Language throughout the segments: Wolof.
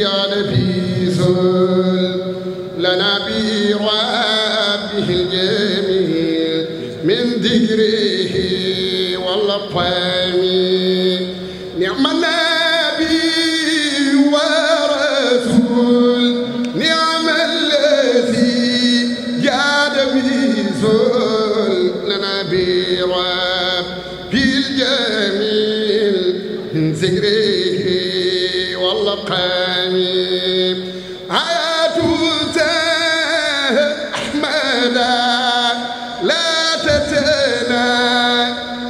جعل في سل لنا به ربه الجميل من ذكره واللطام نعم النبي ورسول نعم الذي جعل في سل لنا به ربه الجميل من ذكره واللطام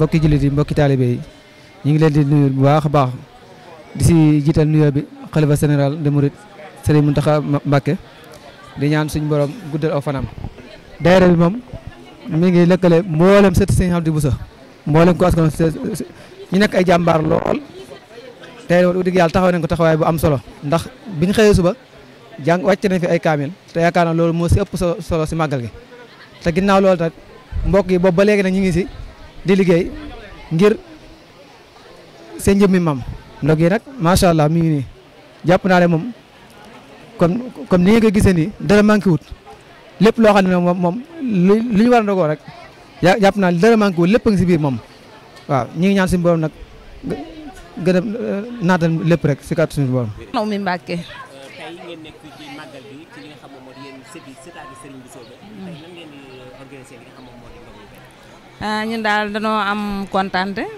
mbokki jullit yi mbokki taalibe yi ñu ngi leen di nuyu bu baax a baax di si jiital nuyoo bi ba général de Mouride Serigne Mountakha Mbacké di ñaan suñu borom guddal aw fanam. bi moom mu ngi lëkkale mboolem sët Serigne Hamdy Bousso mboolem ko askan ñu nekk ay jàmbaar lool tey di digg yàlla taxaw nañ ko taxawaay bu am solo ndax biñ ñu xëyee suba jàng wàcc nañ fi ay kaamil te yaakaar naa loolu moo si ëpp solo si màggal gi te ginnaaw loolu tamit mbokk yi ba léegi nag ñu ngi si. di liggéey ngir seen njëmmi maam ndog yi nag macha allah mi ngi jàpp naa ne moom comme comme ni nga ko gisee nii dara manqué wut lépp loo xam ne moom moom lu ñu war a ndogoo rek jàpp naa dara manqué wut lépp a ngi si biir moom waaw ñi ngi ñaan suñu borom nag gën a euh, naatal lépp rek si kàttu suñu Euh, ñun daal danoo am kontante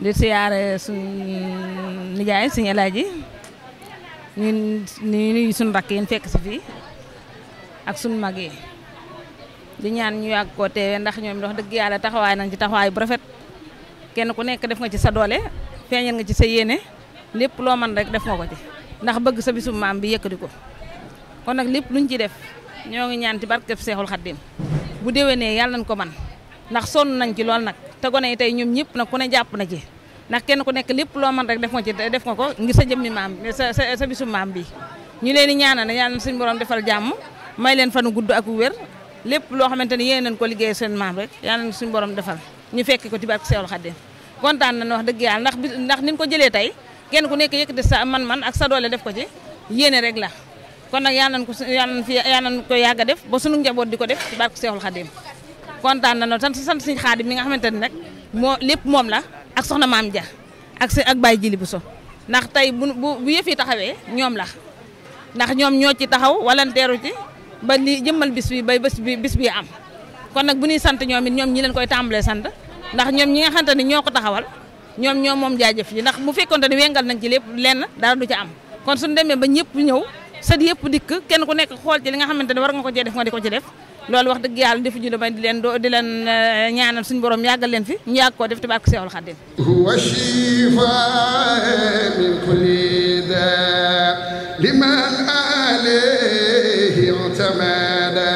di siyaare suñ nijaay suñu elaaji ñun ñu nuyu suñ rakk yi fekk si fii ak suñ mag yi di ñaan ñu yàgg koo teewee ndax ñoom dox dëgg yàlla taxawaay nañ ci taxawaay bu rafet kenn ku nekk def nga ci sa doole feeñal nga ci sa yéene lépp loo mën rek def nga ko ci ndax bëgg sa bisu maam bi yëkkati ko kon nag lépp luñ ci def ñoo ngi ñaan ci barkeb Seexul Xaddim bu déwénee yàlla nañ ko man ndax sonn nañ ci lool nag te gone yi tey ñoom ñëpp nag ku ne jàpp na ci ndax kenn ku nekk lépp loo man rek def nga ci def nga ko ngir sa jëmmi maam sa sa bisu maam bi ñu leen di ñaanal ñaanal suñu borom defal jàmm may leen fanu gudd ak wér lépp loo xamante ni yéen nañ ko liggéey seen maam rek yàlla na ñu fekk ko ci barke Seexul Xadiim kontaan nañ wax dëgg yàlla ndax ndax niñ ko jëlee tey kenn ku nekk yëkkati sa man-man ak sa doole def ko ci yéene rek la kon nag yàlla nañ ko yàlla nañ fi yàlla yàgg a def ba sunu njaboot di ko def ci barke Seexul Xadiim kontaan na loolu sant sant suñu xaadim mi nga xamante ne rek moo lépp moom la ak soxna maam Dia ak si ak baay Jili bu so ndax tey bu bu yëf taxawee ñoom la ndax ñoom ñoo ci taxaw walanteeru ci ba li jëmmal bis bi bay bés bi bis bi am kon nag bu ñuy sant ñoom it ñoom ñi leen koy tàmbalee sant ndax ñoom ñi nga xamante ne ñoo ko taxawal ñoom ñoom moom jaajëf yi ndax bu fekkonte ne wengal nañ ci lépp lenn dara du ci am kon su demee ba ñëpp ñëw sët yëpp dikk kenn ku nekk xool ci li nga xamante ne war nga ko cee def nga di ko ci def loolu wax dëgg yàlla defuñu damay di leen doo di leen eh, ñaanal suñu borom yàggal leen fi ñu yàgg koo def te bàkk Seexul Xadiim wa shifa min kulli da liman alayhi tamada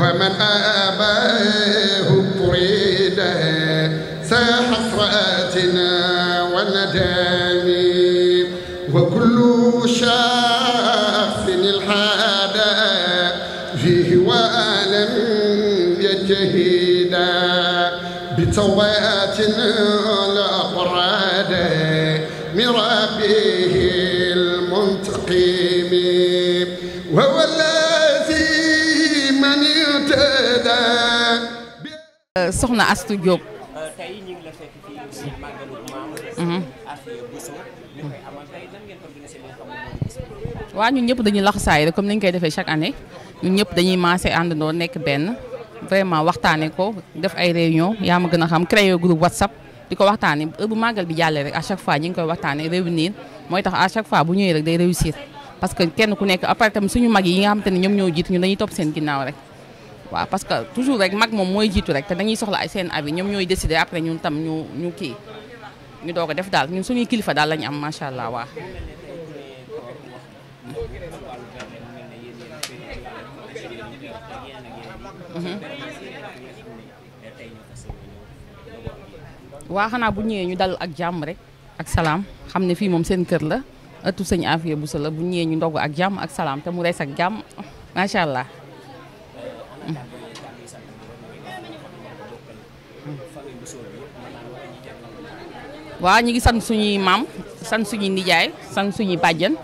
wa man abahu turida sa hasratina wa nadami wa kullu shaxsin شهيدا بتوات الأقراد مربيه soxna Astou Diop tey ñu ngi la fekk ci màggalu ñëpp dañuy laxasaay rek comme ni ñu koy defee chaque année ñun ñëpp dañuy maase àndandoo nekk benn vraiment waxtaanee ko def ay réunion yaa ma gën a xam créer groupe WhatsApp di ko waxtaanee heure bu màggal bi jàllee rek à chaque fois ñu ngi koy waxtaanee réunir mooy tax à chaque fois bu ñëwee rek day réussir parce que kenn ku nekk après tamit suñu mag yi nga xam te ne ñoom ñoo jiitu ñu dañuy topp seen ginnaaw rek waaw parce que toujours rek mag moom mooy jiitu rek te dañuy soxla ay seen avis ñoom ñooy décider après ñun tam ñu ñu kii ñu doog a def daal ñun suñuy kilifa daal lañu am macha allah waa Mm-hmm. waa xanaa bu ñëwee ñu dal ak jàmm rek ak salaam xam ne fii moom seen kër la ëttu sëñ Afia Bousso la bu ñëwee ñu ndog ak jàmm ak salaam mu rees ak jàmm macha allah. Mm-hmm. waa ñu ngi sant suñuy maam sant suñuy nijaay sant suñuy bàjjen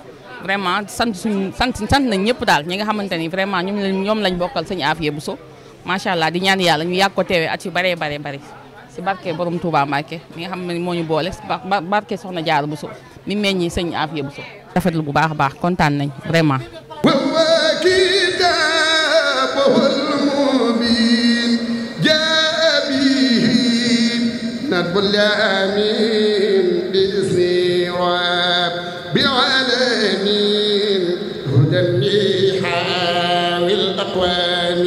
vraiment sant suñu sant sant nañ ñëpp daal ñi nga xamante ni vraiment ñoom lañ ñoom lañ bokkal sëñ Afia Bousso macha allah di ñaan yàlla ñu yàgg ko teewee bare yu baree bare si barke borom Touba Mbacke mi nga xam ne moo ñu boole barke soxna Diarra Bousso mi meññi sëñ bu so rafetlu bu baax a baax kontaan nañ vraiment. بعلم هدى حاوي الأقوام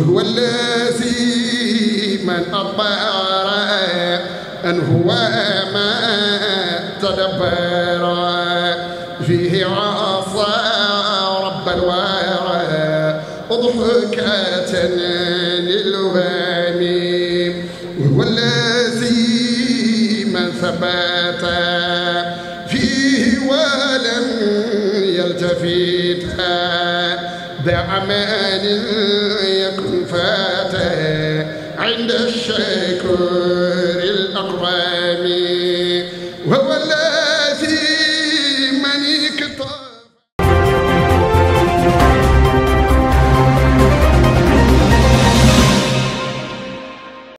وهو الذي من أطار أن هو ما تدبر فيه عصى رب الوارى أضحكة للوام وهو الذي من ثبت فيه ولم يلتفت ذا عمان الفاتح عند الشكر